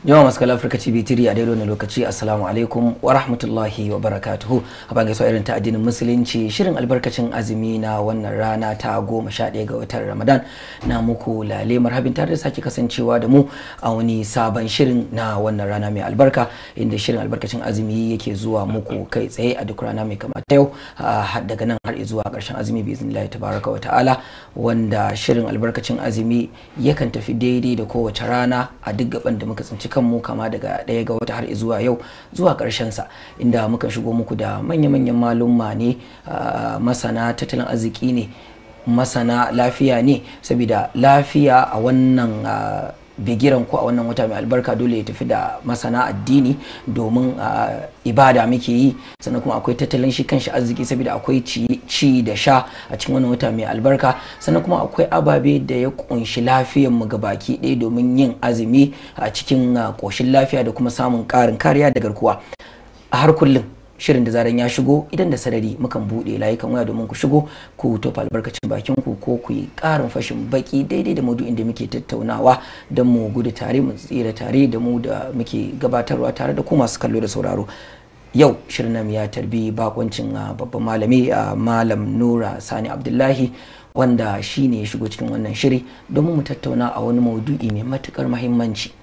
yawan masu kala afirka tv 3 a daidai wani lokaci assalamu alaikum wa rahmatullahi wa barakatuhu a bangar sau irin ta addinin musulunci shirin albarkacin azumi na wannan rana ta goma sha ɗaya ga watan ramadan na muku lale marhabin tare da sake kasancewa da mu a wani sabon shirin na wannan rana mai albarka inda shirin albarkacin azumi yake zuwa muku kai tsaye a duk rana mai kamata yau daga nan har zuwa ƙarshen azumi bi iznillahi tabaraka wa ta'ala wanda shirin albarkacin azumi yakan tafi daidai da kowace rana a duk gaban da muka tsinci shirye mu kama daga ɗaya ga wata har zuwa yau zuwa karshen sa inda muka shigo muku da manya-manyan malumma ne masana tattalin arziki ne masana lafiya ne saboda lafiya a wannan bigiran ku a wannan wata mai albarka dole ya tafi da masana addini domin ibada muke yi sannan kuma akwai tattalin shi kanshi arziki saboda akwai ci da sha a cikin wannan wata mai albarka sannan kuma akwai ababe da ya kunshi lafiyar mu gabaki ɗaya domin yin azumi a cikin koshin lafiya da kuma samun ƙarin kariya da garkuwa a har kullum shirin da zaran ya shigo idan da sarari mukan buɗe layukan waya domin ku shigo ku tofa albarkacin bakin ku ko ku yi ƙarin fashin baki daidai da maudu'in da muke tattaunawa don mu gudu tare mu tsira tare da mu da muke gabatarwa tare da ku masu kallo da sauraro yau shirin nan ya tarbi bakoncin ah, babban malami a ah, malam nura sani abdullahi wanda shi ne ya shigo cikin wannan shiri domin mu tattauna a wani maudu'i mai matukar mahimmanci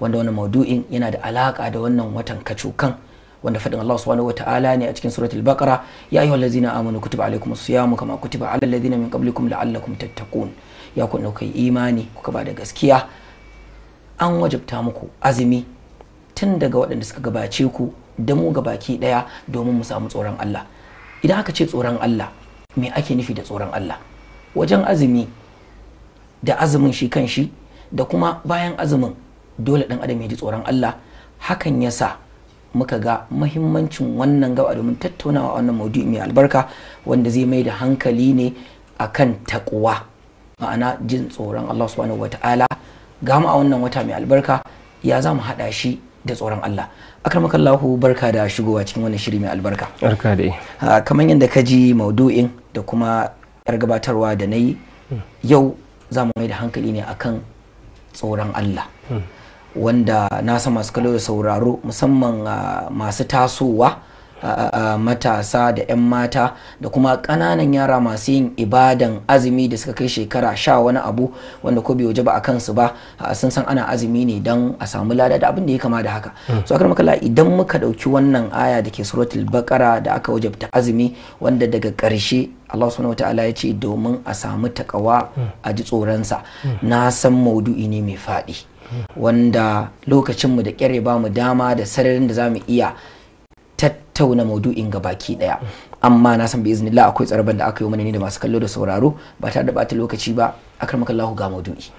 wanda wani maudu'in yana da alaka da wannan watan kacokan wanda fadin Allah subhanahu wataala ne a cikin suratul baqara ya ayyuhal ladzina amanu kutiba alaikumus siyamu kama kutiba alal ladzina min qablikum la'allakum tattaqun ya ku kai imani kuka ba da gaskiya an wajabta muku azumi tun daga waɗanda suka gabace ku da mu baki daya domin mu samu tsoron Allah idan aka ce tsoron Allah me ake nufi da tsoron Allah wajen azumi da azumin shi kan shi da kuma bayan azumin dole ɗan adam ya ji tsoron Allah hakan ya sa muka ga mahimmancin wannan gaba domin tattaunawa wannan maudu'i mai albarka wanda zai mai da hankali ne akan taƙuwa ma'ana jin tsoron Allah subhanahu wata'ala ga mu a wannan wata mai albarka ya za mu haɗa shi da tsoron Allah "Lahu barka da shigowa cikin wannan shiri mai albarka barka dai ah, kamar yadda ka ji maudu'in da kuma yar gabatarwa da nayi hmm. yau za mu mai da hankali ne akan tsoron Allah hmm. wanda na masu kallo da sauraro musamman ah, masu tasowa matasa da 'yan mata da kuma ƙananan yara masu yin ibadan azumi da suka kai shekara sha wani abu wanda ko bai waje ba a kansu ba sun san ana azumi ne don a samu lada da abin da ya kama da haka hmm. so akar makala idan muka ɗauki wannan aya da ke suratul bakara da aka wajabta azumi wanda daga ƙarshe Allah subhanahu wa ta'ala ya ce domin a samu takawa hmm. a ji tsoronsa hmm. na san maudu'i ne mai faɗi wanda lokacinmu da ƙyare ba mu dama da sararin da za mu iya tattauna maudu'in baki daya amma na san bi iznillah akwai tsarban da aka yi mana ne da masu kallo da sauraro ba ta da bata lokaci ba akramakallahu ga maudu'i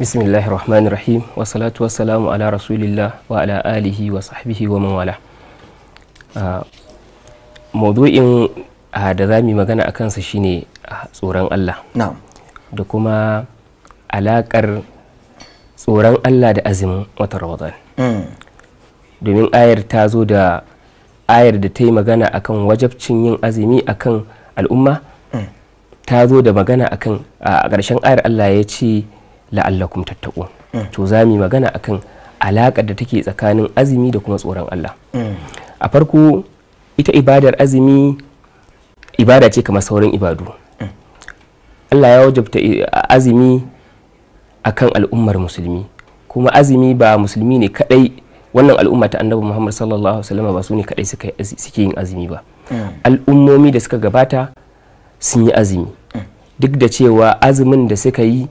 bismillahir rahmanir rahim wa salatu wa salamu ala rasulillah wa ala alihi wa sahbihi wa man wala ah, maudu'in ah, da zamu magana akan sa shine ah, tsoron Allah na'am da kuma alakar tsoron Allah da azumin watan Ramadan mm. domin ayar ta zo da ayar da ta yi magana akan wajabcin yin azumi akan al'umma mm. ta zo da magana akan a ƙarshen ayar Allah ya ce la'allakum tattaku mm. to za mu magana akan alaƙar da take tsakanin azumi da kuma tsoron Allah mm. a farko ita ibadar azumi ibada ce kamar sauran ibadu Allah ya wajabta azumi akan al'ummar musulmi kuma azumi ba musulmi ne kadai wannan al'umma ta annabi muhammad sallallahu alaihi ba su ne kadai suke yin azumi ba hmm. al'ummomi da suka gabata sun yi azumi hmm. duk da cewa azumin da suka yi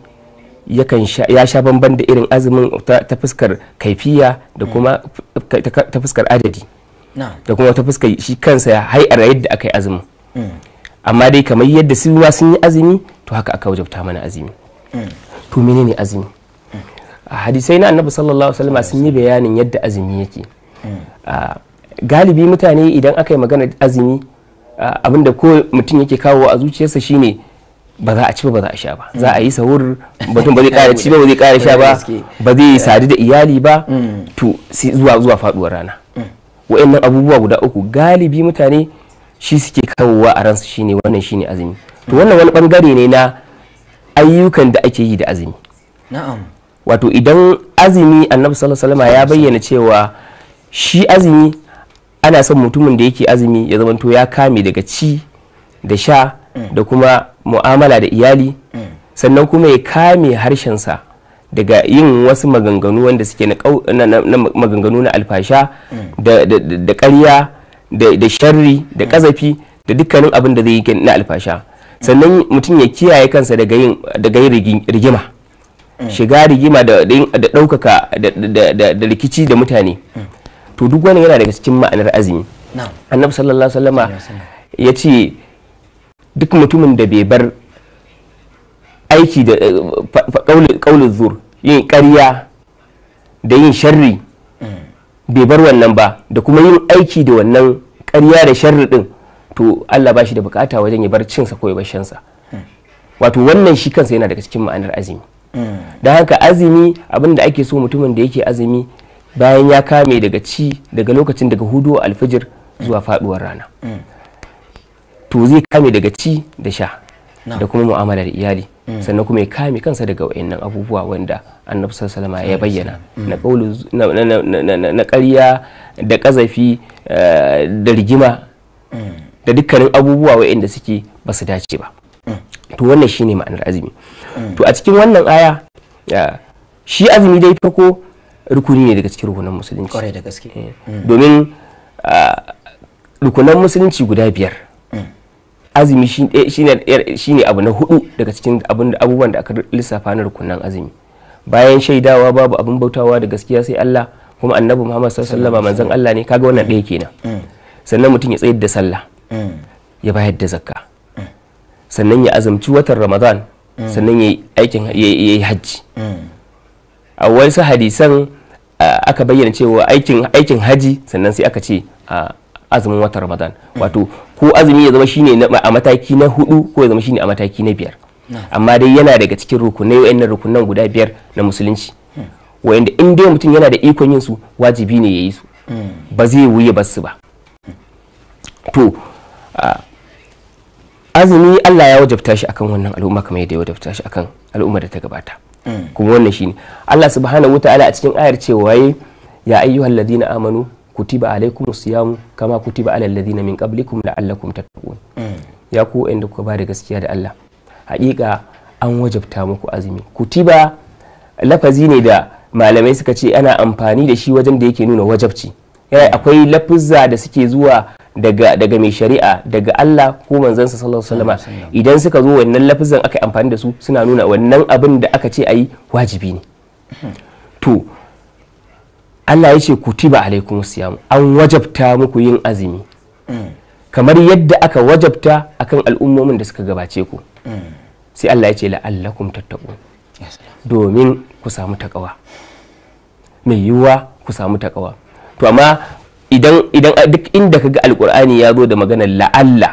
ya sha bamban da irin azumin ta fuskar kaifiya da kuma hmm. ta fuskar adadi da kuma ta fuskar shi kansa ya hai'ar yadda aka yi azumin amma dai kamar yadda su ma sun yi azumi to haka aka wajabta mana azumi to menene azumi A hadisai na annabi sallallahu alaihi wasallam sun yi bayanin yadda azumi yake ah, galibi mutane idan aka yi magana azumi ah, abinda ko mutum yake kawo a zuciyarsa shine ba za a ci ba za a sha ba za a yi sahur mutum ba zai kara ci ba ba zai kara sha ba ba zai sadu da iyali ba mm. to sai zuwa zuwa faduwar rana mm. wa'annan abubuwa guda uku galibi mutane shi suke kawowa a ransu shine wannan shine azumi to wannan wani bangare ne na ayyukan da ake yi da azumi na'am wato idan azumi annabi sallallahu alaihi wasallam ya bayyana cewa shi azumi ana son mutumin da yake azumi ya zamanto ya kame daga ci da sha da kuma mu'amala da iyali sannan kuma ya kame harshensa daga yin wasu maganganu wanda suke na maganganu na alfasha da ƙarya da sharri da ƙazafi da dukkanin abin da zai yi na alfasha sannan mutum ya kiyaye kansa daga yin rigima shiga rigima da ɗaukaka da rikici da mutane to duk wani yana daga cikin ma'anar azumi annabi sallallahu alaihi wasallama ya ce duk mutumin da bai bar aiki da eh, ƙaunar zur yin ƙarya da yin sharri bai bar wannan ba da kuma yin aiki da wannan ƙarya da sharri din to Allah bashi da bukata wajen ya bar cinsa ko ya bar shansa hmm. wato wannan shi kansa yana daga cikin ma'anar azumi don haka azumi abinda ake so mutumin da yake azumi bayan ya kame daga ci daga lokacin daga hudu alfijir zuwa faduwar rana to zai kame daga ci da sha da kuma mu'amalar iyali mm. sannan kuma ya kame kansa daga wayannan abubuwa wanda annabi sallallahu ya bayyana na karya da kazafi eh, da rigima mm. da dukkanin abubuwa wayanda suke ba su dace ba mm. to wannan shi ne ma'anar azumi to a cikin wannan aya shi azumi dai farko rukuni ne daga cikin rukunan musulunci da gaske eh, mm. domin rukunan musulunci guda biyar mm. azumi eh, eh, shi ne abu na hudu daga cikin abubuwan da aka lissafa na rukunan azumi bayan shaidawa babu abin bautawa da gaskiya sai Allah kuma annabi Muhammad sallallahu alaihi manzon Allah ne kaga wannan ɗaya kenan mm. sannan mutum ya tsayar da sallah ya bayar da zakka sannan ya azumci watan Ramadan sannan ya yi aikin hajji a wasu hadisan aka bayyana cewa aikin aikin haji sannan sai aka ce azumin watan ramadan wato ko azumi ya zama shine a mataki na hudu ko ya zama shine a mataki na biyar amma dai yana daga cikin rukunai wayannan rukunan guda biyar na musulunci wayanda in dai mutum yana da ikon yin su wajibi ne ya yi su ba zai wuya ba su ba to azumi Allah ya wajabta shi akan wannan al'umma kamar yadda ya wajabta shi akan al'umma da ta gabata mm. kuma wannan ne Allah subhanahu wataala a cikin ayar cewa ya ayyuhal ladina amanu kutiba alaikum siyam kama kutiba alal ladina min qablikum la'allakum tattaqun mm. ya ku inda kuka ba da gaskiya da Allah haƙiƙa an wajabta muku azumi kutiba lafazi ne da malamai suka ce ana amfani da shi wajen da yake nuna wajabci akwai lafuzza da suke zuwa daga daga mai shari'a daga Allah ko sa sallallahu alaihi wasallam idan suka zo wannan lafuzan aka amfani da su suna nuna wannan abin da aka ce ayi wajibi ne to Allah ya ce kutiba alaikum siyam an wajabta muku yin azumi kamar yadda aka wajabta akan al'ummomin da suka gabace ku sai Allah ya ce la'allakum tattaqu domin ku samu takawa mai yiwuwa ku samu takawa to amma idan duk inda kaga alkur'ani ya zo da maganar la'alla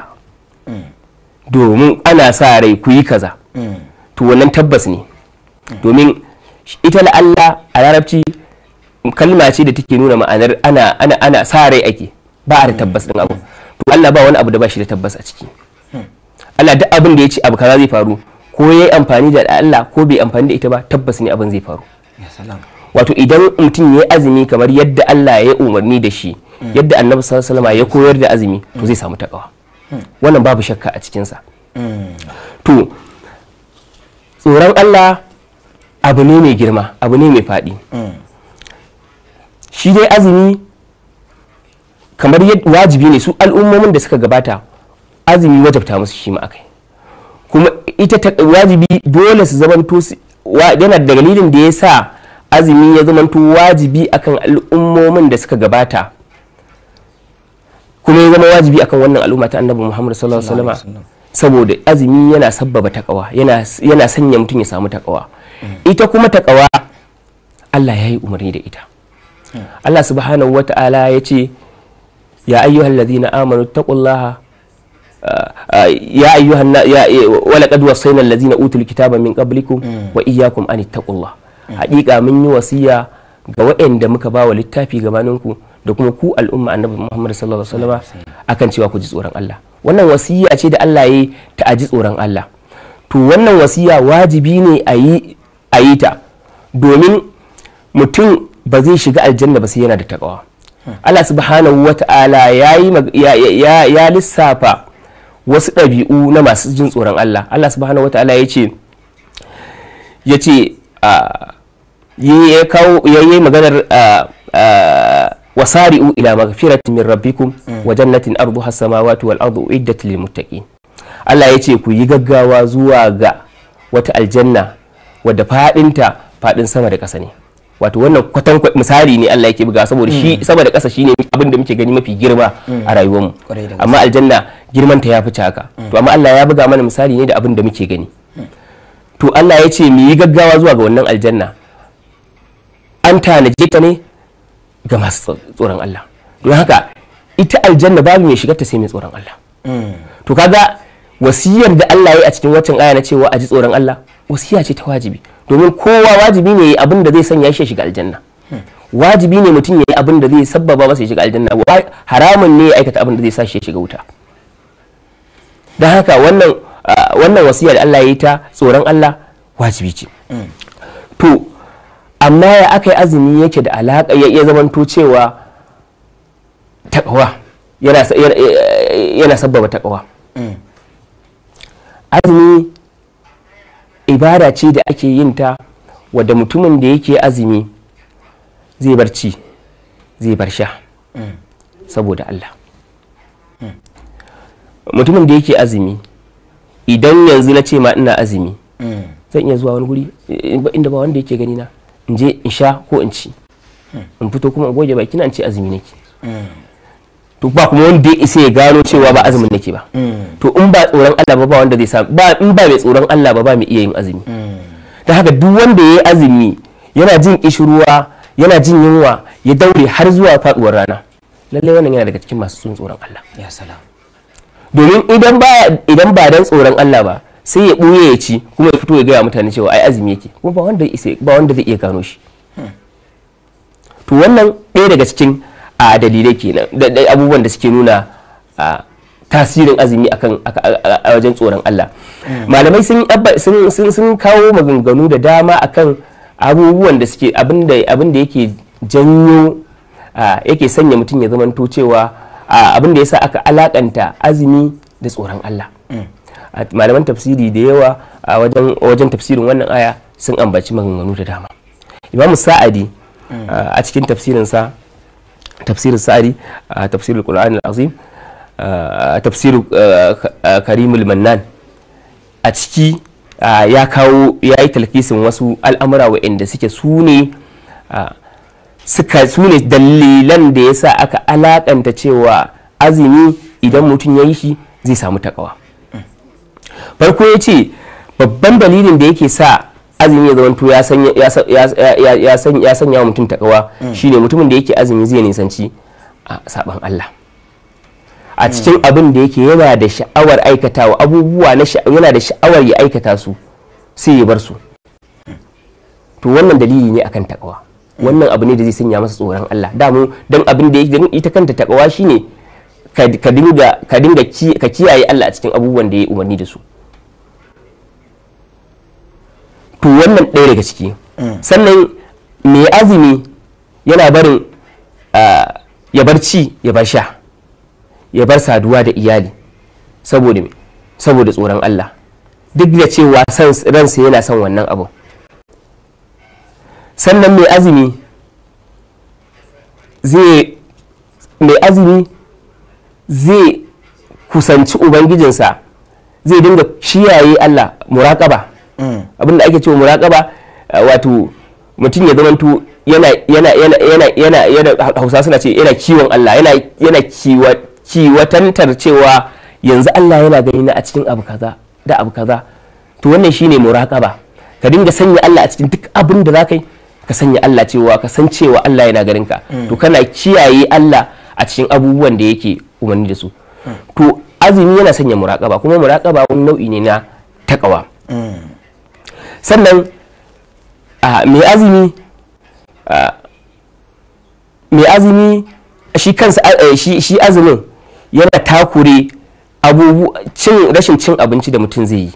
domin ana sa rai ku yi kaza to wannan tabbas ne domin ita la'alla a larabci kalma ce da take nuna ma'anar ana sa rai ake ba a da tabbas din abu to Allah ba wani abu da ba shi da tabbas a ciki Allah duk abin da ya ce abu kaza zai faru ko yayi amfani da Allah ko bai amfani da ita ba tabbas ne abin zai faru wato idan mutum ya yi azumi kamar yadda Allah ya yi umarni da shi hmm. yadda annabi sallallahu ya koyar da azumi to hmm. zai samu takawa hmm. wannan babu shakka a cikin sa to tsoron Allah abu ne mai girma abu ne mai faɗi shi dai azumi kamar wajibi ne su al'ummomin da suka gabata azumi wajabta musu shi ma akai kuma ita wajibi dole su zamanto yana da dalilin da ya sa azumi ya zamanto wajibi akan al'ummomin da suka gabata kuma ya zama wajibi akan wannan al'umma ta annabi Muhammadu sallallahu alaihi wasallam saboda azumi yana sabbaba takawa yana yana sanya mutum ya samu takawa ita kuma takawa Allah ya yi umarni da ita Allah subhanahu Ta'ala ya ce ya ayyuhal ladina amanu taqullaha uh, uh, ya ayyuhan ya walaqad wasayna allazina utul kitaba min qablikum mm. wa iyyakum an hakika mun yi wasiya ga waɗanda muka ba wa littafi gabaninku da kuma ku al'umma annabi muhammad sallallahu alaihi wasallam akan cewa ku ji tsoron allah wannan wasiya ce da allah ya yi ta a tsoron allah to wannan wasiya wajibi ne a yi ta domin mutum ba zai shiga aljanna ba sai yana da takawa allah subhanahu wataala ya lissafa wasu ɗabi'u na masu jin tsoron allah allah subhanahu wataala ya ya ce ah, yayi maganar ah, ah, wasari ila maghfiratin min rabbikum mm. wa jannatin arduha samawati wal ardu uiddat lil muttaqin Allah ya ce ku yi gaggawa zuwa ga wata aljanna wadda fadinta fadin sama da ƙasa ne wato wannan kwatan misali ne Allah yake buga saboda shi mm. sama da ƙasa shine abin da muke gani mafi girma mm. a rayuwarmu amma aljanna girman ta ya fice haka to amma Allah ya buga mana misali ne da abin da muke gani to Allah ya ce mu yi gaggawa zuwa ga wannan aljanna an tanaje ta ne ga masu tsoron Allah don haka ita aljanna babu mai shigar ta sai mai tsoron Allah mm. to kaga wasiyar da Allah ya yi a cikin waccan aya na cewa a ji tsoron Allah wasiya ce ta wajibi domin kowa wajibi ne abin da zai sanya shi shiga aljanna hmm. wajibi ne mutum ya yi abin da zai sabbaba masa ya shiga aljanna haramun ne ya aikata abin da zai sa shi ya shiga wuta don haka wannan ah, wannan wasiya da Allah ya yi ta tsoron Allah wajibi ce hmm. to amma ya aka yi azumi yake da alaƙa ya iya zamanto cewa takawa yana sabbaba taƙawa mm. azumi ibada ce da ake yin ta wadda mutumin da yake azumi zai barci zai bar sha mm. saboda Allah mm. mutumin da yake azumi idan yanzu na ce ma ina azumi zan iya zuwa wani guri eh, inda ba wanda yake gani na in je in sha ko in ci in fito kuma in goge baki na in ce azumi nake to ba kuma wanda ya isa ya gano cewa ba azumin nake ba to in ba tsoron Allah ba ba wanda zai sa ba in ba mai tsoron Allah ba ba mai iya yin azumi da haka duk wanda ya yi azumi yana jin kishiruwa yana jin yunwa ya daure har zuwa faduwar rana lallai wannan yana daga cikin masu tsoron Allah ya salam domin idan ba idan ba dan tsoron Allah ba sai ya ɓoye ya ci kuma ya fito ya gaya mutane cewa ai azumi yake kuma ba wanda ba wanda zai iya gano shi to wannan ɗaya daga cikin a dalilai kenan da abubuwan da suke nuna tasirin azumi akan a wajen tsoron Allah malamai sun kawo maganganu da dama akan abubuwan da suke abinda abinda yake janyo yake sanya mutum ya zamanto cewa abinda yasa aka alakanta azumi da tsoron Allah malaman tafsiri da yawa a wajen tafsirin wannan aya sun ambaci maganganu da dama imamu sa'adi mm. a cikin tafsirin sa tafsirin sa'adi a tafsirin qur'an azim a tafsirin karimul mannan a ciki ya kawo ya yi talkisin wasu al'amura waɗanda suke su suka su dalilan da ya sa aka alakanta cewa azumi idan mutum ya yi shi zai samu takawa farko ya ce babban dalilin da yake sa azumi ya zamanto ya sanya wa mutum takawa mm. shine mutumin da yake azumi zai nisanci a saban Allah a mm. cikin abin da yake yana da sha'awar aikatawa abubuwa na yana da sha'awar ya aikata su sai ya bar su to wannan dalili ne akan takawa mm. wannan abu ne da zai sanya masa tsoron Allah damu don abin da ita kanta takawa shine ka dinga ka kiyaye Allah a cikin abubuwan da ya umarni da su to wannan ɗaya daga ciki mm. sannan mai azumi yana barin ya bar ci ya bar sha ya bar saduwa da iyali saboda tsoron Allah duk da cewa ransa yana son wannan abu sannan mai azumi zai mai azumi zai kusanci ubangijinsa zai dinga kiyaye Allah muraƙaba mm. abin da ake cewa muraƙaba eh, wato mutum ya zamanto yana yana yana yana yana yana hausa suna ce yana kiwon Allah yana yana kiwatantar cewa yanzu Allah yana gani na a cikin abu kaza da abu kaza to wannan shine muraƙaba ka dinga sanya Allah a cikin duk abin da za ka yi ka sanya Allah cewa ka san cewa Allah yana ganin ka mm. to kana kiyaye Allah a cikin abubuwan da yake umarni da su to azumi yana sanya muraƙaba kuma muraƙaba wani nau'i ne na takawa sannan mai azumi mai shi kansa eh, shi azumin yana takure cin rashin cin abinci da mutum zai yi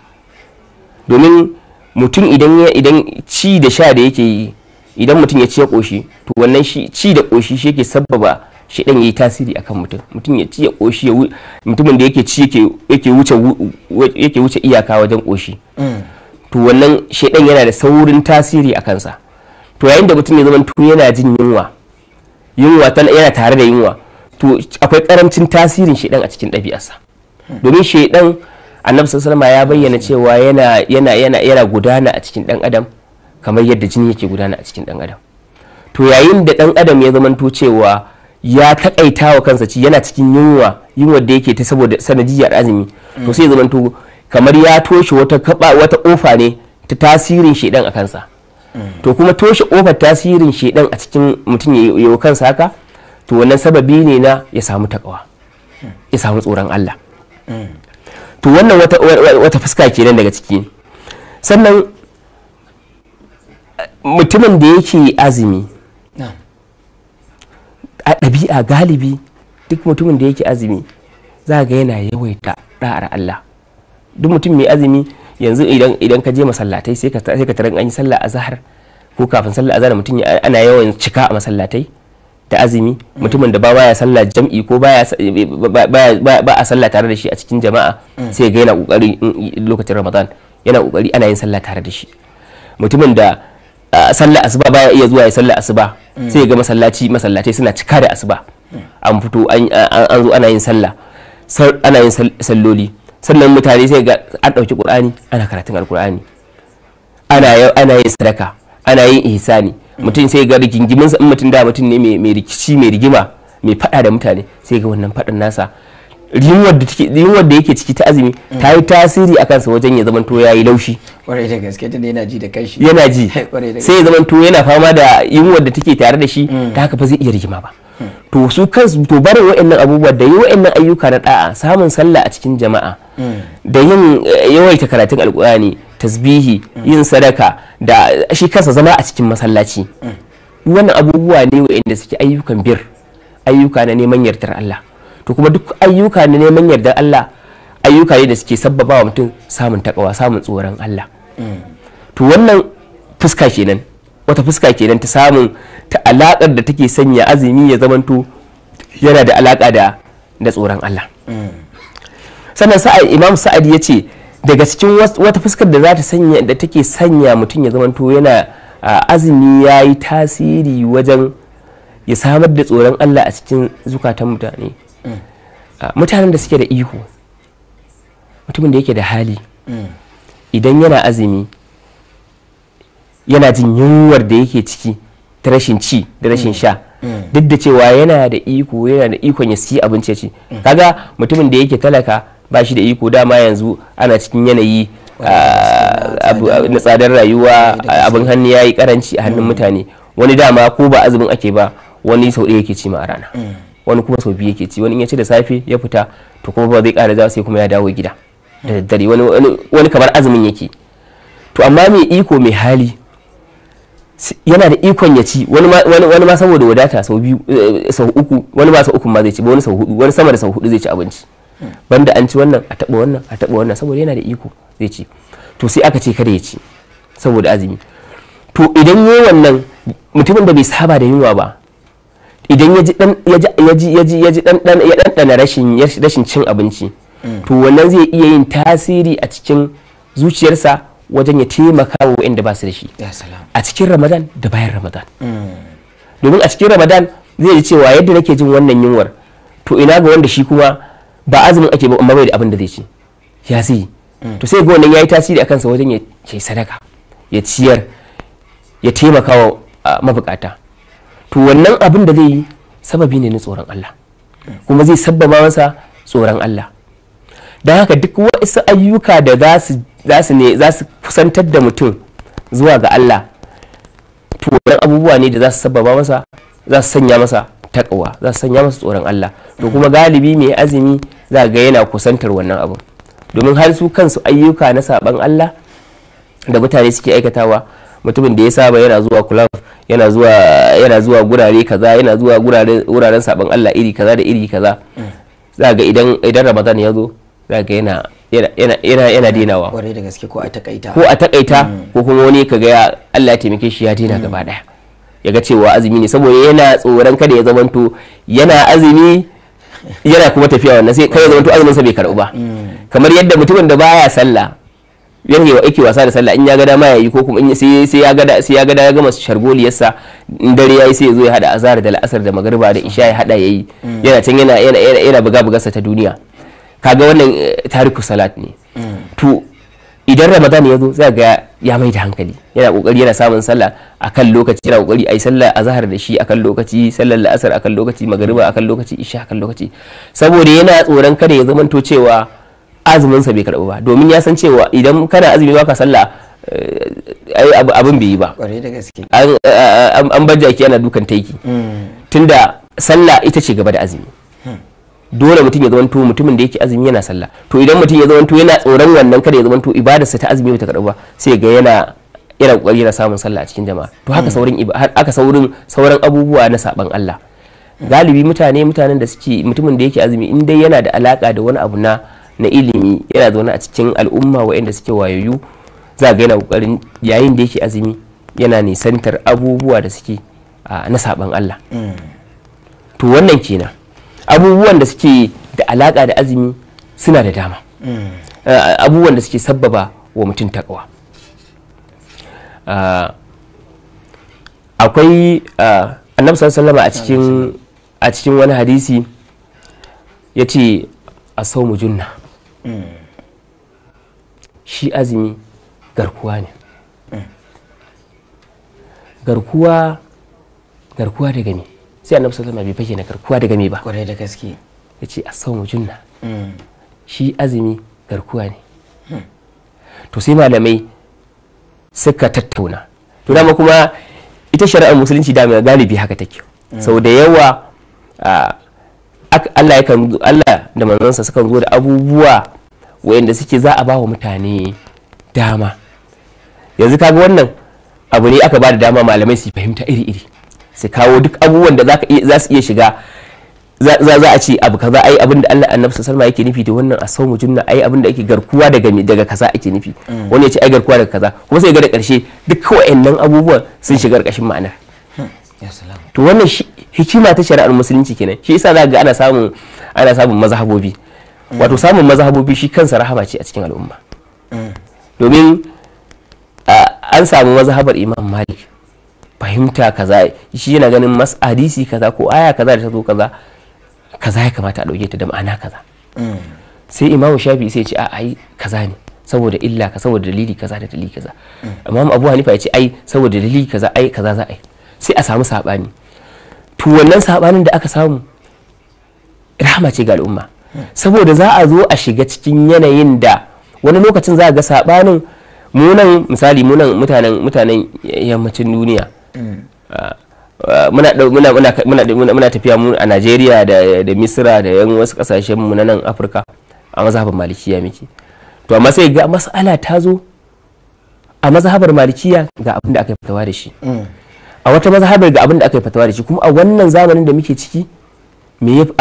domin mutum idan ci da sha da yake yi idan mutum ya ci ya ƙoshi to wannan ci da ƙoshi shi yake sababa. ya yayi tasiri akan mutum mutum ya ci ya koshi mutumin da yake ci yake wuce iyaka wajen koshi mm. to wannan shedan yana da saurin tasiri a kansa to yayin da mutum ya zama tun yana jin yunwa yunwa yana tare da yunwa to akwai karancin tasirin shedan a cikin ɗabi'arsa mm. domin shedan annabi sallallahu ya bayyana mm. cewa yana yana yana yana gudana a cikin dan adam kamar yadda jini yake gudana a cikin dan adam to yayin da dan adam ya zamanto cewa ya takaita wa kansa ci yana cikin yunwa yunwa da yake ta saboda sanadiyar azumi to sai zamanto kamar ya toshe wata kaba wata kofa ne ta tasirin shedan a kansa to kuma toshe kofar tasirin shedan a cikin mutum ya yi kansa haka to wannan sababi ne na ya samu takawa ya samu tsoron Allah to wannan wata fuska kenan daga ciki sannan eh, mutumin da yake azumi a ɗabi'a galibi duk mutumin da yake azumi za ga yana yawaita ɗa'ar Allah duk mutum mai azumi yanzu idan idan ka je masallatai sai ka sai ka an yi sallah azhar ko kafin sallah azhar mutum ana yawan cika a masallatai da azumi mutumin da ba baya sallah jam'i ko ba a sallah tare da shi a cikin jama'a sai ga yana kokari lokacin Ramadan yana kokari ana yin sallah tare da shi mutumin da sallar asuba baya iya zuwa ya sallar asuba mm. sai ga masallaci masallatai suna cika da asuba mm. an fito an zo ana yin sallah ana yin salloli sannan mutane sai ga an ɗauki ƙur'ani ana karatun alƙur'ani ana yin sadaka ana yin ihsani mm. mutum sai ga rigingimin in mutum da mutum ne mai rikici mai rigima mai faɗa da mutane sai ga wannan faɗin nasa yunwar da yake ciki ta azumi mm. ta yi tasiri a kansa wajen ya zamanto ya yi laushi kwarai da gaske tunda yana ji da kanshi yana ji sai ya zamanto yana fama da yunwar da take tare da shi mm. ta haka fa zai iya rigima ba mm. to su kansu to barin wa'annan abubuwa da yi wa'annan ayyuka na da'a samun sallah a cikin jama'a da yin eh, yawaita karatun alkurani tasbihi yin sadaka da shi kansa zama a cikin masallaci wannan abubuwa ne wa'anda suke ayyukan bir ayyuka na neman yardar Allah to kuma duk ayyuka ne neman yarda Allah ayyuka ne da suke sabbaba wa mutum samun takawa samun tsoron Allah to wannan fuska kenan wata fuska kenan ta samun ta alakar da take sanya azumi ya zamanto yana da alaka da da tsoron Allah sannan sa'ad imam sa'ad ya ce daga cikin wata fuskar da za ta sanya da take sanya mutum ya zamanto yana azumi ya yi tasiri wajen ya samar da tsoron Allah a cikin zukatan mutane Ah, mutanen da suke da ihu mutumin da yake da hali mm. idan yana azumi yana jin yunwar da yake ciki ta rashin ci da rashin mm. sha mm. duk da cewa yana da iko yana da ikon ya siya abinci ya ci kaga mutumin da yake talaka ba shi da iko dama yanzu ana cikin yanayi ah, na tsadar rayuwa ah, abin hannu ya yi karanci a hannun mutane wani dama ko ba azumin ake ba wani sau ɗaya yake ci ma a rana wani kuma sau biyu yake ci wani in ya ci da safe ya fita to kuma ba zai ƙara za sai kuma ya dawo gida da daddare wani kamar azumin yake to amma mai iko mai hali yana da ikon ya ci wani ma saboda wadata sau biyu eh, sau uku wani ma sau uku ma zai ci wani sau hudu wani sama da sau hudu zai ci abinci hmm. banda an ci wannan a taba wannan a taba wannan saboda yana da iko zai ci to sai aka ce kada ya ci saboda azumi to idan yi wannan mutumin da bai saba da yunwa ba idan ya ji ɗanɗana rashin cin abinci mm. to wannan zai iya yin tasiri a cikin zuciyarsa wajen ya taimaka wa inda ba su da shi a cikin ramadan da bayan ramadan mm. domin a cikin ramadan zai ji cewa yadda nake jin wannan yunwar to ina ga wanda shi kuma ba azumin ake ba amma bai da abin da zai ci ya zai mm. to sai ga wannan yayi tasiri a kansa wajen ya sadaka ya ciyar ya taimaka wa mabukata to wannan abin da zai yi sababi ne na tsoron Allah kuma zai sabbaba masa tsoron Allah don haka duk wasu ayyuka da za su kusantar da mutum zuwa ga Allah to wannan abubuwa ne da za su sabbaba masa za su sanya masa takawa za su sanya masa tsoron Allah to kuma galibi mai azumi za ga yana kusantar wannan abun domin har su kansu ayyuka na saban Allah da mutane suke aikatawa mutumin da ya saba yana zuwa kulaf yana zuwa yana zuwa gurare kaza yana zuwa guraren wuraren sabon Allah iri kaza da iri kaza za ga idan idan Ramadan ya zo za ga yana yana yana yana dinawa da gaske ko a takaita ko a takaita mm. ko kuma wani ka gaya Allah ya taimake shi ya dina gaba daya mm. ya ga cewa azumi ne saboda yana tsoron kada ya zamanto yana azumi yana kuma tafiya wannan sai kai ya zamanto azumin sa bai karbu ba mm. kamar yadda mutumin da baya sallah wa yake wasa da sallah in ya ga dama yayi ko kuma sai sai ya ga sai ya ga ya gama shargoliyarsa in dare yayi sai ya zo ya hada azhar da la'asar da magriba da isha ya hada yayi mm. yana can yana yana yana buga sa ta duniya kaga wannan eh, tariku salat ne mm. to idan ramadan ya zo za ga ya mai da hankali yana kokari yana samun sallah akan lokaci yana kokari ai sallah azhar da shi akan lokaci sallar la'asar akan lokaci magriba akan lokaci isha akan lokaci saboda yana tsoron kada ya zamanto cewa azumin sa bai karɓi ba domin ya san cewa idan kana azumi ba ka sallah eh, abin bai yi ba an bar jaki ana dukan taiki hmm. tunda sallah ita ce gaba da azumi hmm. dole mutum ya zamanto mutumin da yake azumi yana sallah to idan mutum ya zamanto yana tsoron wannan kada ya zamanto ibadarsa ta azumi bata karɓi ba sai ga yana yana kokari yana samun sallah a cikin jama'a to haka hmm. saurin haka saurin sauran abubuwa na saban Allah galibi mutane mutanen da suke mutumin da yake azumi in dai yana da alaka da wani abu na na ilimi yana zaune a cikin al'umma waɗanda suke wayoyu za ga yana kokarin yayin da yake azumi yana nisantar abubuwa da suke na saban Allah mm. to wannan kenan abubuwan da suke da alaka da azumi suna da dama mm. abubuwan da suke sabbaba wa mutum takawa akwai annabi sallama a cikin a cikin wani hadisi ya ce a sau junna shi azumi garkuwa ne garkuwa garkuwa daga me sai annabi sallallahu alaihi bai bayyana garkuwa daga me ba kwarai da gaske yace as-sawmu junna mm. shi azumi garkuwa ne hmm. to sai malamai suka tattauna to dama kuma ita shari'ar musulunci dama galibi haka take hmm. sau da yawa ah, Allah Allah da manzansa sukan zo da abubuwa wayanda suke za a ba wa mutane dama yanzu kaga wannan abu ne aka ba da dama malamai su fahimta iri-iri su kawo duk abubuwan da za su iya shiga za a ce abu kaza ai abin da Allah annabi sallallahu yake nufi da wannan a saumu junna ai abin da ake garkuwa daga daga kaza ake nufi mm. wani ya ce ai garkuwa daga kaza kuma sai ga da karshe duk wayannan abubuwan sun shiga karkashin ma'anar hmm. to wannan hikima ta shari'ar musulunci kenan shi yasa za ga ana samun ana samun mazhabobi wato samun mazhabobi shi kansa rahama ce a cikin al'umma domin an samu mazhabar imam malik fahimta kaza shi yana ganin mas hadisi kaza ko aya kaza da ta zo kaza kaza ya kamata a dauke ta da ma'ana kaza sai imamu shafi sai ce a ai kaza ne saboda illa ka saboda dalili kaza da dalili kaza imam abu hanifa ya ce ai saboda dalili kaza ai kaza za a yi sai a samu sabani to wannan sabanin da aka samu rahama ce ga al'umma saboda za a zo a shiga cikin yanayin da wani lokacin za a ga sabanin munan misali munan mutanen mutanen yammacin duniya ah, muna tafiya mu a Najeriya da Misira da yan wasu kasashen mu na nan Afirka a mazhabar malikiya muke to amma sai ga mas'ala ta zo a mazhabar malikiya ga abin da aka yi fatawa da shi a wata mazhabar ga abin da aka yi fatawa da shi kuma a wannan zamanin da muke ciki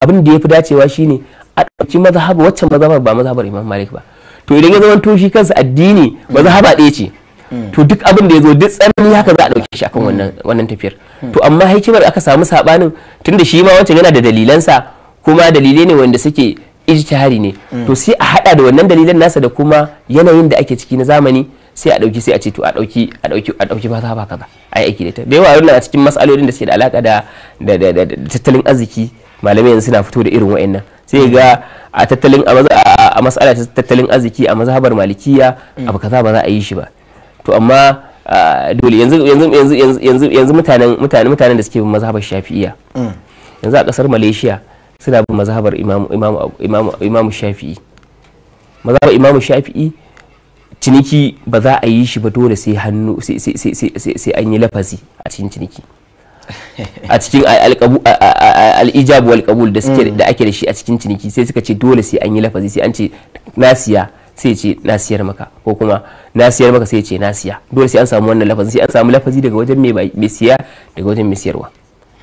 abin da ya fi dacewa shine a ɗauki mazhabu waccan mazhabar ba mazhabar imam malik ba to idan ya zama to shi kansa addini mazhaba ɗaya ce to duk abin da ya zo duk tsanani haka za a ɗauke shi akan wannan tafiyar to amma hikimar aka samu sabanin tunda shi ma wancan yana da dalilansa kuma dalilai ne wanda suke ijtihari ne to sai a hada da wannan dalilan nasa da kuma yanayin da ake ciki na zamani sai a ɗauki sai a ce to a ɗauki a ɗauki a ɗauki ba za ba kaza ai aiki da ta da yawa a cikin masalolin da suke da alaka da tattalin arziki malamai yanzu suna fito da irin wa'annan sai ga a tattalin a matsala ta tattalin arziki a mazhabar malikiya mm. abu kaza ba za a yi shi ba to amma dole yanzu yanzu yanzu yanzu mutanen mutanen mutanen da suke bin mazhabar shafi'iya mm. yanzu a kasar malaysia suna bin mazhabar imamu imamu imamu shafi'i mazhabar imamu shafi'i ciniki ba za a yi shi ba dole sai hannu sai an yi lafazi a cikin ciniki a cikin al'ijabu wal da suke mm. da ake da shi a cikin ciniki sai suka ce dole sai an yi lafazi sai an ce nasiya sai ce nasiyar maka ko kuma nasiyar maka sai ce nasiya dole sai an samu wannan lafazi sai an samu lafazi daga wajen mai siya daga wajen mai siyarwa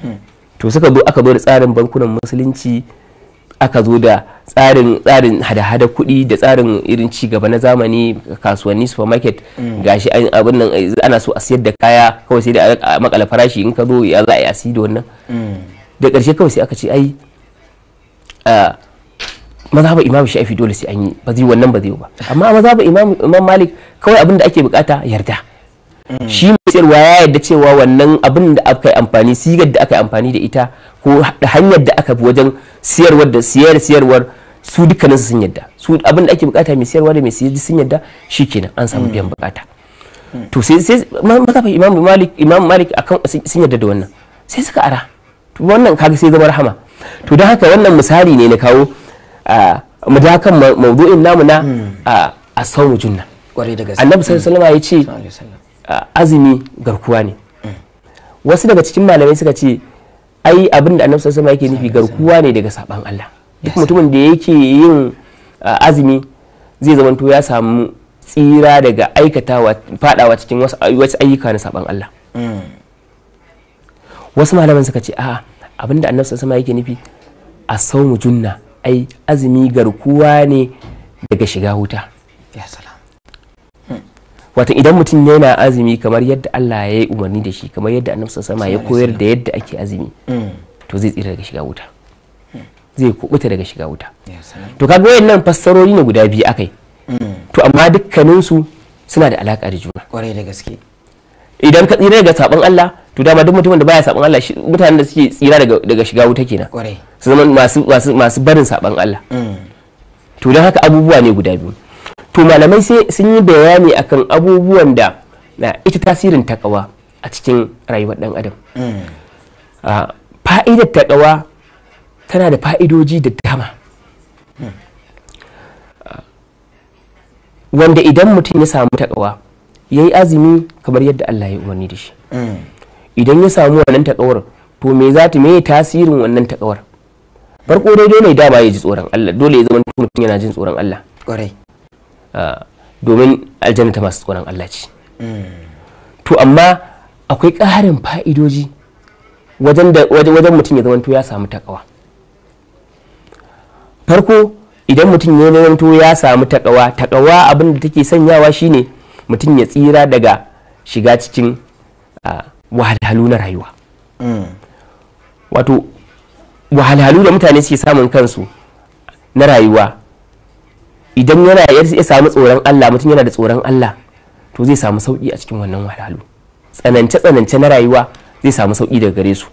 mm. to suka zo aka zo da tsarin bankunan musulunci aka zo da tsarin tsarin hada-hada kuɗi da tsarin irin ci gaba na zamani kasuwanni supermarket mm. gashi abin nan eh, ana so a siyar da kaya kawai sai da makala farashi in ka zo ya za a yi asi da wannan mm. da ƙarshe kawai sai aka ce ai mazhabar imam shafi dole sai an yi ba zai wannan ba zai ba amma mazhabar imam imam malik kawai abin da ake bukata yarda Mm. shi mai sayarwa ya yadda cewa wannan abin da aka yi amfani sigar da aka yi amfani da ita ko da hanyar da aka bi wajen siyarwar da siyar siyarwar su dukkanin sun yadda. su abin da ake bukata mai siyarwa da mai siyar sun shi kenan an samu mm. biyan bukata mm. to sai sai mazhabin imam malik imam malik akan sun yadda da wannan sai suka ara to wannan kaga sai zama rahama to don haka wannan misali ne na kawo mu da kan maudu'in namu na a saunu junna annabi sallallahu alaihi wasallam ya ce azumi garkuwa ne wasu daga cikin malamai suka ce ai abin da annabi sallallahu yake nufi garkuwa ne daga saban Allah duk mutumin da yake yin azumi zai zamanto ya samu tsira daga aikatawa fadawa cikin wasu ayyuka na saban Allah mm. wasu malaman suka ce a'a abin da annabi sallallahu yake nufi a saumu junna ai azumi garkuwa ne daga shiga wuta wata idan mutum yana azumi kamar yadda Allah ya yi umarni da shi kamar yadda annabi sama ya koyar da yadda ake azumi to zai tsira daga shiga wuta zai kubuta daga shiga wuta to kaga wayannan fassarori ne guda biyu akai to amma dukkanin su suna da alaka da juna kwarai da gaske idan ka tsira daga sabon Allah to dama duk mutumin da baya sabon Allah mutanen da suke tsira daga shiga wuta kenan kwarai su zama masu masu barin sabon Allah mm. to don haka abubuwa ne guda biyu to malamai sai sun yi bayani akan abubuwan da na ita tasirin takawa a cikin rayuwar dan adam mm. ah, fa'idar takawa tana da fa'idoji da dama mm. ah, wanda idan mutum ya samu takawa ya yi azumi kamar yadda Allah ya umarni da shi mm. idan ya samu wannan takawar to me za ta me tasirin wannan takawar farko dai dole dama ya ji tsoron Allah dole ya zama mutum yana jin tsoron Allah kwarai Ah, domin aljanna ta masu tsoron Allah ce to amma akwai ƙarin fa'idoji wajen mutum ya zamanto ya samu takawa farko idan mutum ya zamanto ya samu takawa takawa abin da take sanyawa shine mutum ya tsira daga shiga cikin ah, wahalhalu na rayuwa wato wahalhalu da mutane suke samun kansu na rayuwa idan yana ya samu tsoron Allah mutum yana da tsoron Allah to zai samu sauki a cikin wannan wahalhalu tsanance tsanance na rayuwa zai samu sauki daga gare su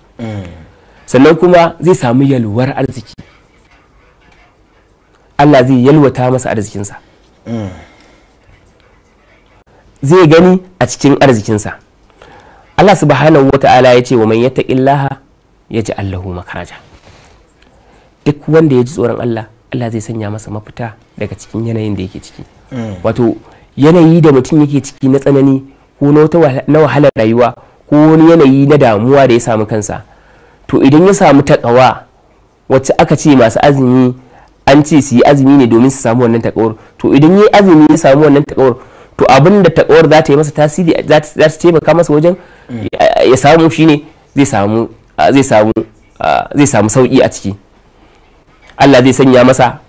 sannan kuma zai samu yalwar arziki Allah zai yalwata masa arzikinsa zai gani a cikin arzikinsa Allah subhanahu wata'ala ya ce wa man yattaqillaha ya ji Allahu makaraja duk wanda ya ji tsoron Allah Allah zai sanya masa mafita daga cikin yanayin da yake ciki mm. wato yanayi da mutum yake ciki na tsanani ko na wahalar rayuwa ko wani yanayi na damuwa da ya samu kansa to idan ya samu takawa wacce aka ce masu azumi an ce su yi azumi ne domin su samu wannan takawar to idan yi azumi ya samu wannan takawar to abin da takawar za ta yi masa tasiri za ta taimaka masa wajen mm. ya samu shi ne zai samu sauki a ciki Allah zai sanya masa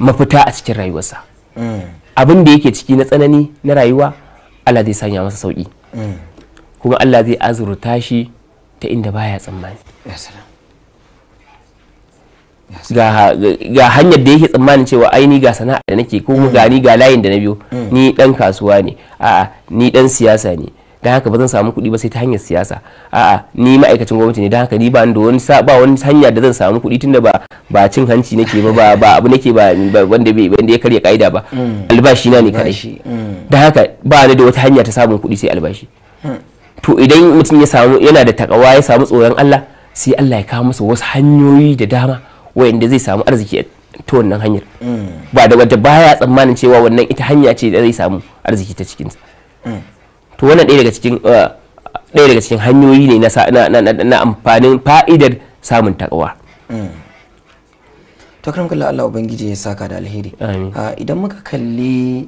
mafita a cikin rayuwarsa abin da yake ciki na tsanani na rayuwa Allah zai sanya masa sauki kuma Allah zai azurta shi ta inda baya tsammani ga hanyar da yake tsammanin cewa aini ga sana'a da nake ko mm. ga ni ga layin da na biyo mm. ni dan kasuwa ne a'a ni dan siyasa ne da haka ba zan samu kuɗi ba sai ta hanyar siyasa a'a ni ma'aikacin gwamnati ne da haka ni ba da wani ba wani hanya da zan samu kuɗi tunda ba ba cin hanci nake ba ba abu nake ba wanda bai wanda ya karya ka'ida ba mm. albashi na ne kaɗai mm. da haka ba ni da wata hanya ta samun kuɗi sai albashi mm. to idan mutum ya samu yana da takawa ya samu tsoron Allah sai Allah ya kawo masa wasu hanyoyi da dama wanda zai samu arziki ta wannan hanyar ba da wadda baya tsammanin cewa wannan ita hanya ce da zai samu arziki ta cikinsa to wannan ɗaya daga cikin uh, ɗaya daga cikin hanyoyi ne na amfanin fa'idar samun takawa mm. to kan kallon Allah ubangiji ya saka da alheri ah, idan muka kalli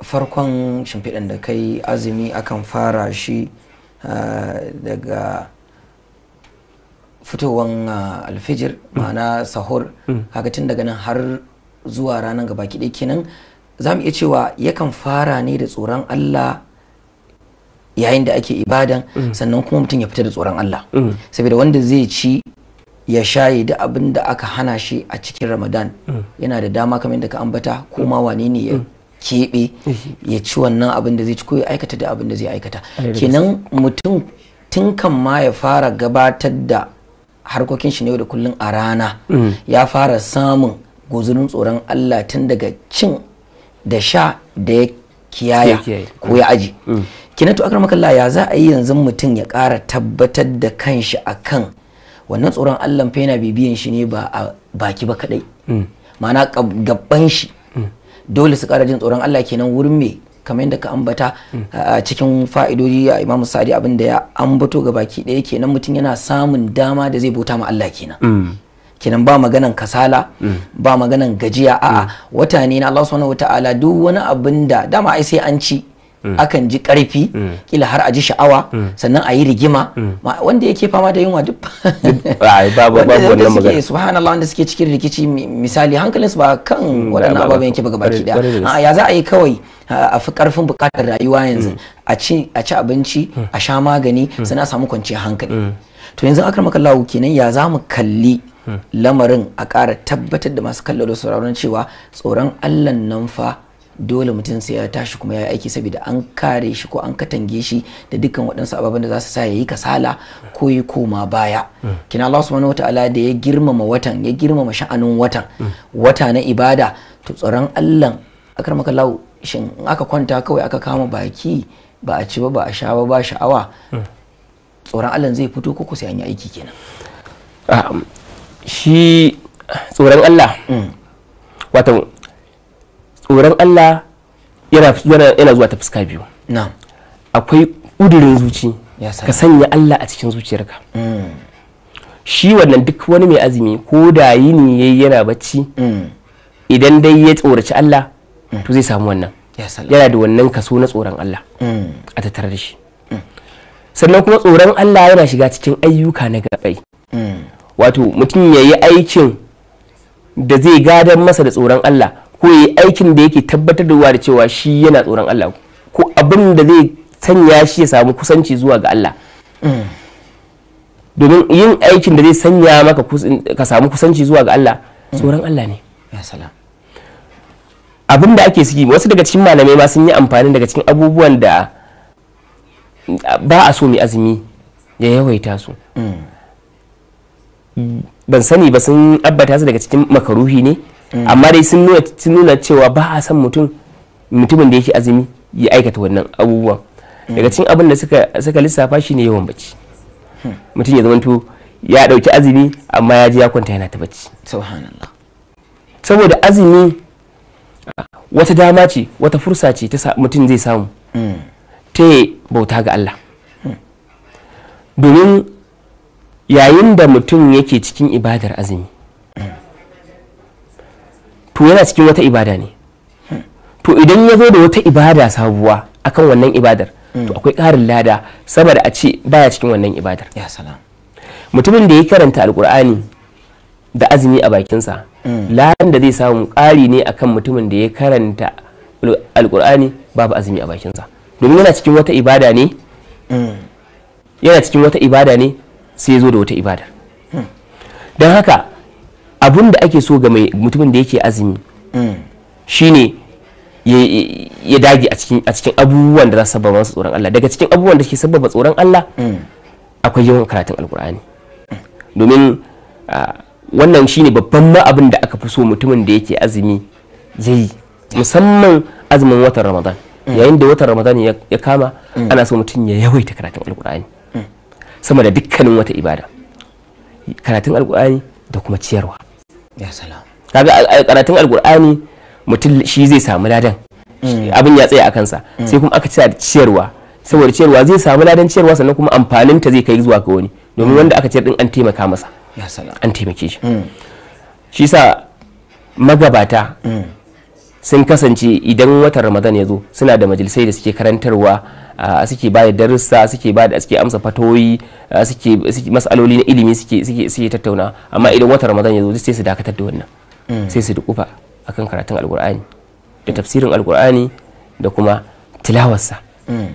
farkon shimfiɗan da kai azumi akan fara shi ah, daga fitowar ah, alfijir ma'ana sahur mm. haka tun daga nan har zuwa ranar gaba kiɗe kenan za mu iya cewa yakan fara ne da tsoron Allah yayin da ake ibadan mm. sannan kuma mutum ya fita da tsoron Allah mm. saboda wanda zai ci ya shaye da abin da aka hana shi a cikin Ramadan mm. yana da dama kamar da ka ambata ko ma wane ne ya keɓe ya ci wannan abin da zai ci ko ya aikata da abin da zai aikata kenan mutum tun kan ma ya fara gabatar da harkokin shi ne da kullum a rana ya fara samun guzurin tsoron Allah tun daga cin da sha da ya kiyaya ko ya aji kinatu akramakallah ya za a yi yanzu mutum ya kara tabbatar da kanshi kan wannan tsoron Allah fa yana bibiyan shi ne ba a baki ba kadai mm. ma'ana gabban shi mm. dole su kara jin tsoron Allah kenan wurin me kamar yadda ka ambata mm. a cikin fa'idodi a imamu sa'adi abin da ya ambato ga baki ɗaya kenan mutum yana samun dama da zai bauta ma Allah kenan kenan ba maganan kasala ba maganan gajiya a'a wata ne na Allah subhanahu wataala duk wani abin da dama ai sai an ci Mm. akan ji karfi mm. kila har a ji sha'awa mm. sannan a yi rigima wanda yake fama da yunwa duk wanda suke subhanallah wanda suke cikin rikici misali hankalinsu ba kan waɗannan ababen yake ba gabaki daya ya za a yi kawai a fi karfin bukatar rayuwa yanzu a ci abinci a sha magani sannan a samu kwanciyar hankali to yanzu akramaka Allah kenan ya za mu kalli lamarin a ƙara tabbatar da masu kallo da sauraron cewa tsoron Allah nan fa dole mutum sai ya tashi kuma ya yi aiki saboda an kare shi ko an katange shi da dukkan waɗansu ababen da za su sa ya yi kasala ko ya koma baya kina Allah subhanahu wataala da ya girmama watan ya girmama sha'anin watan wata na ibada to tsoron Allah akramaka lau shin aka kwanta kawai aka kama baki ba a ci ba ba a sha ba ba sha'awa tsoron Allah zai fito ko sai an yi aiki kenan ah, shi tsoron Allah mm. tsoron Allah yana zuwa ta fuska biyu akwai ƙudurin zuci ka sanya Allah a cikin zuciyarka mm. shi wannan duk wani mai azumi ko da yini yayi yana bacci mm. idan dai ya tsoraci Allah mm. to zai samu wannan yana da wannan kaso na tsoron Allah a tattare da shi sannan kuma tsoron Allah yana shiga cikin ayyuka na gabai wato mutum ya yi aikin da zai gadar masa da tsoron Allah ko ya aikin da yake tabbatar da da cewa shi yana tsoron Allah ko abin da zai sanya shi ya samu kusanci zuwa ga Allah domin yin aikin da zai sanya maka ka samu kusanci zuwa ga Allah tsoron Allah ne abin da ake siki wasu daga cikin malamai ma sun yi amfani daga cikin abubuwan da ba a so mai azumi ya yawaita su mm. ban sani ba sun abbata su daga cikin makaruhi ne amma dai sun nuna nuna cewa ba a san mutum mutumin da yake azumi ya aikata wannan abubuwan daga cikin abin da suka suka lissafa shine yawan bacci mutum ya zamanto ya dauki azumi amma ya ji ya kwanta yana ta bacci saboda azumi wata dama ce wata fursa ce ta mutum zai samu mm. ta bauta ga Allah domin yayin da mutum yake cikin ibadar azumi to yana cikin wata ibada ne to idan ya zo da wata ibada sabuwa akan wannan ibadar to akwai ƙarin lada saboda a ce baya cikin wannan ibadar ya salam mutumin da ya karanta alkur'ani da azumi a bakinsa ladan da zai samu ƙari ne akan mutumin da ya karanta alkur'ani babu azumi a bakinsa domin yana cikin wata ibada ne yana cikin wata ibada ne sai ya zo da wata ibadar hmm. don haka abun da ake so ga mai mutumin da yake azumi mm. shine ya dage a cikin abubuwan da za su sababa masu tsoron Allah daga cikin abubuwan da ke sababa tsoron Allah mm. akwai yawan karatun alkur'ani domin wannan shine babban ma da aka fi so mutumin da yake azumi ya yi musamman azumin watan ramadan mm. yayin da watan ramadan ya kama ana so mutum ya yawaita karatun alkur'ani sama da dukkanin wata ibada karatun alkur'ani da kuma ciyarwa ya salam kaga karatun alkur'ani mutum shi zai samu ladan mm. abin ya tsaya a kansa mm. sai kuma aka da ciyarwa saboda ciyarwa zai samu ladan ciyarwa sannan kuma amfanin ta zai kai zuwa ga wani domin mm. wanda aka ciyar din an taimaka masa ya salam an taimake shi shi sa magabata sun kasance idan watan ramadan ya zo suna da majalisai da suke karantarwa Ah, suke ba da darussa suke ba da suke amsa fatoyi ah, suke masaloli na ilimi suke suke suke tattauna amma idan wata ramadan ya zo sai su dakatar da wannan mm. sai su dukufa akan karatun alkur'ani da tafsirin alkur'ani da kuma tilawarsa mm.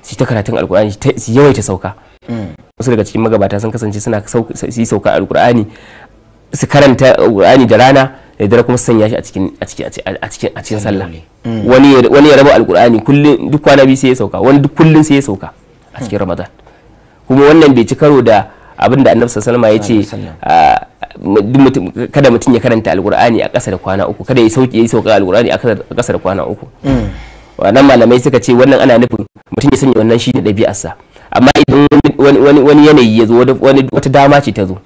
su ta karatun alkur'ani su yawaita sauka mm. wasu daga cikin magabata sun kasance suna sauka alkur'ani su karanta alkur'ani da rana da dare kuma sanya shi a cikin a cikin sallah mm. wani wani ya raba alqur'ani kullun duk kwana biyu sai ya sauka wani duk kullun sai ya sauka a cikin mm. ramadan kuma wannan bai ci karo da abin da annabi sallallahu alaihi wasallam ya ce ah, kada mutum ya karanta alqur'ani a ƙasa da kwana uku kada ya sauke ya sauka alqur'ani a ƙasa da kwana uku mm. wannan malamai suka ce wannan ana nufin mutum ya sanya wannan shi da ɗabi'arsa amma idan wani yanayi ya zo wata dama ce ta zo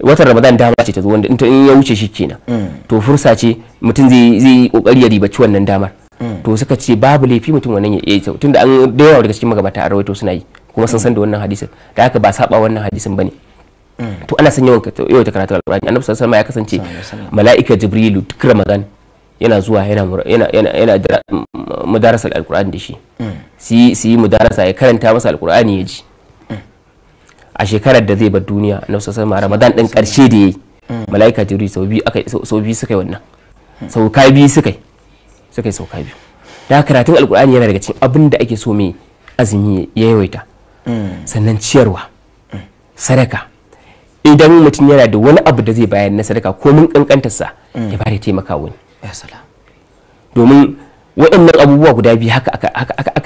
watan ramadan dama ce ta zo wanda in ya wuce shi kenan mm. to fursa ce mutum zai yi kokari ya ribaci wannan damar mm. to suka ce babu laifi mutum wannan ya yi tunda an da yawa daga cikin magabata a rawaito suna yi kuma sun mm. san da wannan hadisin da haka ba saba wannan hadisin bane to ana son yawan yawan ta karatu alqur'ani annabi sallallahu ya kasance mala'ika jibrilu duk ramadan yana zuwa yana yana yana mudarasa alqur'ani da shi si si mudarasa ya karanta masa alqur'ani ya ji a shekarar da zai bar duniya na sosai ramadan ɗin ƙarshe da mm. yi. mala'ika jiri sau biyu suka yi wannan biyu suka yi suka yi biyu da karatun alkur'ani yana daga cikin abin da ake so mai azumi ya yawaita mm. sannan ciyarwa mm. sadaka idan mutum yana da wani abu da zai bayar na sadaka ko mun kankantarsa ya bada taimaka wani domin waɗannan abubuwa guda biyu haka aka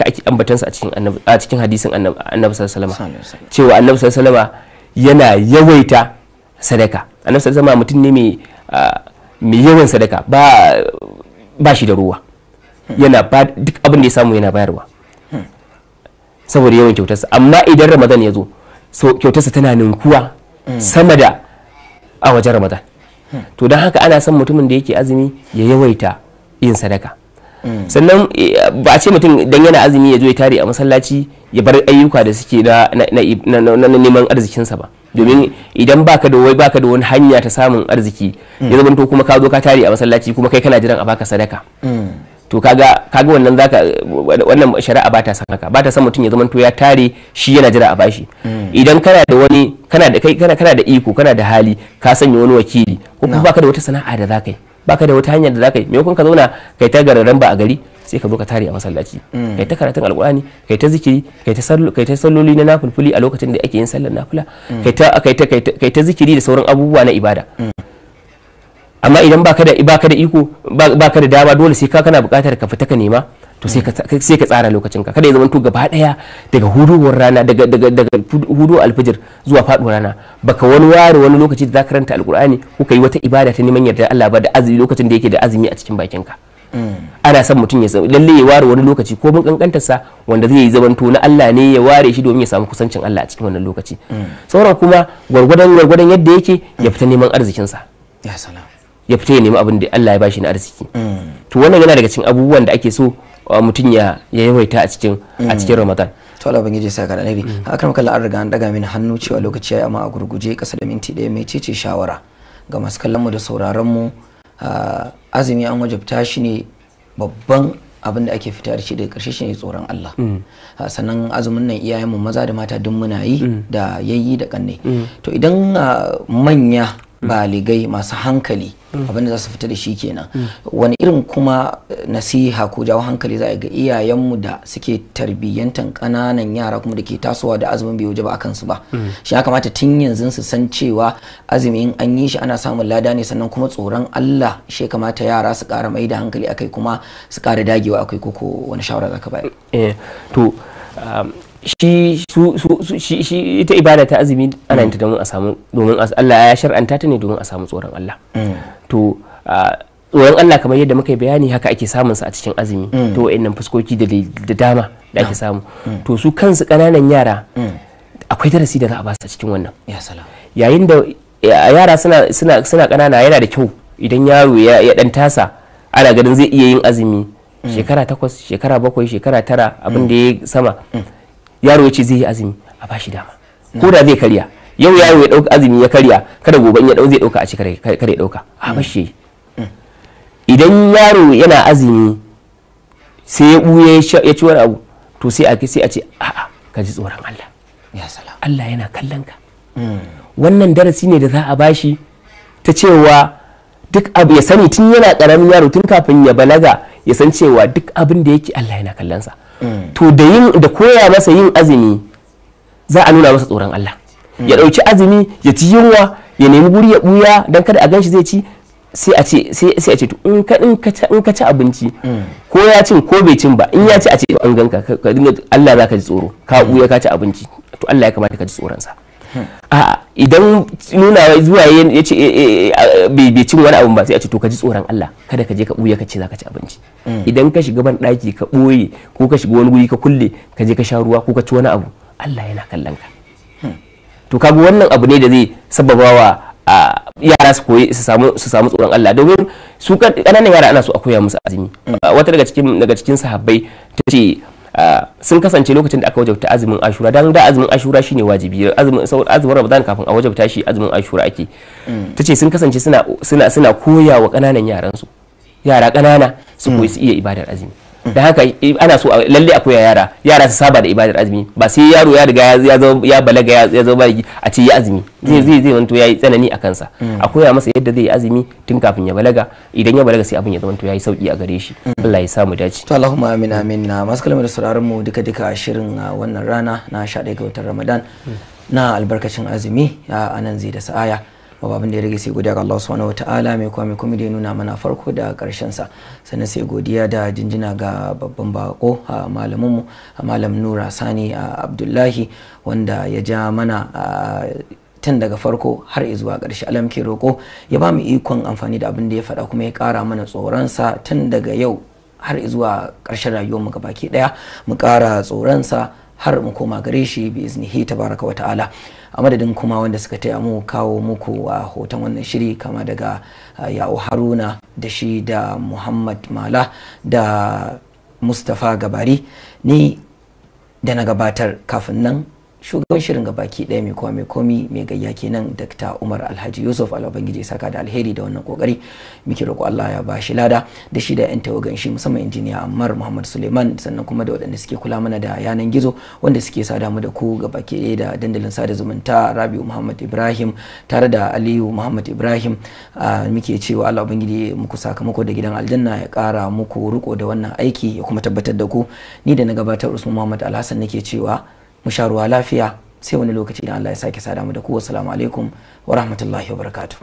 ake ambatansa a cikin annabi a cikin hadisin annabi cewa annabi sallallahu yana yawaita sadaka annabi sallallahu alaihi mutum ne mai yawan sadaka ba shi da ruwa yana ba duk abin da ya samu yana bayarwa saboda yawan kyautarsa amma idan ramadan ya zo so kyautarsa tana ninkuwa sama da a wajen ramadan to don haka ana san mutumin da yake azumi ya yawaita yin sadaka sannan eh, ba a ce mutum dan yana azumi ya zo ya tare a masallaci ya bar ayyuka da suke na neman arzikinsa ba domin idan baka da wai baka da wani hanya ta samun arziki mm. ya zama to kuma ka zo ka tare a masallaci kuma kai kana jiran a baka sadaka mm. to kaga kaga wannan zaka wannan shari'a ba ta san haka ba ta san mutum ya zama to ya tare shi yana jira a bashi mm. idan kana da wani kana da kai kana da iko kana da hali ka sanya wani wakili ko kuma baka da wata sana'a da zaka yi baka da wata hanyar da zaka yi kun ka zauna kai ta gararan ba a gari sai ka zo ka tare a masallaci mm. kai ta karatun alkurani kai ta zikiri kai ta kai ta salloli na nafulfuli a lokacin da ake yin sallar nafila mm. kai ta kai ta kai ta zikiri da sauran abubuwa na ibada mm. amma idan baka da baka iko baka da dama dole sai ka kana bukatar ka fita ka nema to sai ka tsara lokacin ka kada ya zama to gaba daya daga huduwar rana daga daga daga hudu alfijir zuwa faduwar rana baka wani ware wani lokaci da zaka karanta alkur'ani ko kai wata ibada ta neman yarda Allah ba da azumi lokacin da yake da azumi a cikin bakin ka mm. ana son mutum ya lalle ya ware wani lokaci ko mun kankantarsa wanda zai yi zamanto na Allah ne ya ware shi domin ya samu kusancin Allah a cikin wannan lokaci mm. sauran kuma gwargwadon gwargwadon yadda yake ya fita neman arzikinsa ya salam ya fita ya nemi abin da Allah ya bashi na arziki to wannan yana daga cikin abubuwan da ake so uh, mutum ya yawaita a cikin a mm. cikin Ramadan to Allah bangije sai saka da nabi mm. akan kalla an riga an daga min hannu cewa lokaci yayi amma a gurguje kasa da minti daya mai cece shawara ga masu kallon mu da sauraron mu uh, azumi an wajabta shi ne babban abin da ake fita da shi daga karshe shine tsoron Allah mm. uh, sannan azumin nan iyayen mu maza da mata duk muna yi da yayi da kanne to idan manya baligai masu hankali abinda za su fita da shi kenan wani irin kuma eh, nasiha ko jawo hankali za a ga iyayenmu da suke tarbiyyantan kananan yara kuma da ke tasowa da azumin bai ba a kansu ba mm. shi ya kamata tun yanzu su san cewa azumin an yi shi ana samun lada ne sannan kuma tsoron Allah shi kamata yara su kara mai da hankali akai kuma su ƙara dagewa akai ko wani shawara za ka bayar eh, um, shi su su shi shi ita ibada ta azumi ana yin ta domin a samu domin Allah ya shar'anta ta ne domin a samu tsoron Allah mm. to tsoron Allah kamar yadda muka yi bayani haka ake samun sa a cikin azumi mm. to wayannan fuskoki da dama da ake samu mm. to su kansu kananan yara akwai darasi da za a ba su cikin wannan yayin da yara suna suna suna kanana yana da kyau idan yaro ya dan tasa ana ganin zai iya yin azumi shekara takwas shekara bakwai shekara tara abin da ya sama yaro ya ce zai yi azumi a bashi dama ko da zai karya yau yaro ya dauka azumi ya karya kada gobe in ya dau zai dauka a cikin kare ya dauka a bashi idan yaro yana azumi sai ya buye ya ci wani abu to sai a sai a ce a'a ka ji tsoron Allah Allah yana kallon ka mm. wannan darasi ne da za a bashi ta cewa duk abu ya sani tun yana karamin yaro tun kafin ya balaga ya san cewa duk abin da yake Allah yana kallonsa to da yin da koya masa yin azumi za a nuna masa tsoron Allah mm. ya dauki azumi ya ci yunwa ya nemi guri ya buya dan kada a ganshi zai ci sai a ce sai a ce to in ka in ka ci abinci mm. ko ya cin ko bai cin ba in ya ci a ce an ganka ka dinga Allah zaka ji tsoro ka buya ka ci abinci to Allah ya kamata ka ji tsoron sa A'a idan nuna zuwa ya ce eh, eh, eh, bai cin wani abu ba sai a ce to ka ji tsoron Allah kada ka je ka buya ka ce za ka ci abinci mm. idan ka shiga ban ɗaki ka ɓoye ko ka shiga wani guri ka kulle ka je ka sha ruwa ko ka ci wani abu Allah yana kallon ka hmm. to kaga wannan abu ne da zai sababa wa yara su koyi su samu tsoron Allah domin su kananan yara ana so a koya musu azumi mm. wata daga cikin daga cikin sahabbai tace sun kasance lokacin da aka wajabta azumin ashura dan da azumin ashura shine wajibi azumin azumin ramadan kafin a wajabta shi azumin ashura ake mm. tace sun kasance suna suna suna koya wa kananan yaran su yara kanana su koyi su iya ibadar azumi da haka ana so lalle a koya yara yara su saba da ibadar azumi ba sai yaro ya riga ya ya balaga ya zo ba a ce ya azumi zai zai zai wanto yayi tsanani a kansa mm. a koya masa yadda zai yi azumi tun kafin ya balaga idan ya balaga sai abin ya zamanto yayi sauki a gare shi mm. Allah ya sa dace to Allahumma amin amin na masu kalmar da sauraron mu duka duka shirin wannan rana na 11 ga watan Ramadan mm. na albarkacin azumi a anan zai da sa'aya ba babin da ya rage sai godiya ga Allah subhanahu wataala mai kuma mai kuma da nuna mana farko da karshen sa sannan sai godiya da jinjina ga babban bako a malamin mu malam Nura Sani Abdullahi wanda ya ja mana tun daga farko har zuwa ƙarshe alam ke roƙo ya ba mu ikon amfani da abin da ya faɗa kuma ya ƙara mana tsoronsa tun daga yau har zuwa ƙarshen rayuwarmu baki ɗaya mu ƙara tsoronsa har mu koma gare shi bi iznihi tabaraka wa ta'ala a madadin kuma wanda suka taya mu kawo muku a ah, hoton wannan shiri kama daga ah, ya'u haruna da shi da muhammad mala da mustapha gabari ni da na gabatar kafin nan shugaban shirin gabaki ɗaya mai kowa mai komi mai gayya kenan Dr umar alhaji yusuf alabangiji saka da alheri da wannan kokari muke roƙo allah ya ba shi lada da shi da yan tawagan shi musamman injiniya ammar muhammad suleiman sannan kuma da waɗanda suke kula mana da yanan gizo wanda suke sada mu da ku gabaki ɗaya da dandalin sada zumunta rabiu muhammad ibrahim tare da aliyu muhammad ibrahim muke cewa allah ubangiji muku sakamako da gidan aljanna ya ƙara muku riko da wannan aiki ya kuma tabbatar da ku ni da na gabatar usman muhammad alhassan nake cewa mu sha ruwa lafiya sai wani lokaci idan Allah ya sake sada mu da ku assalamu alaikum wa rahmatullahi wa barakatuh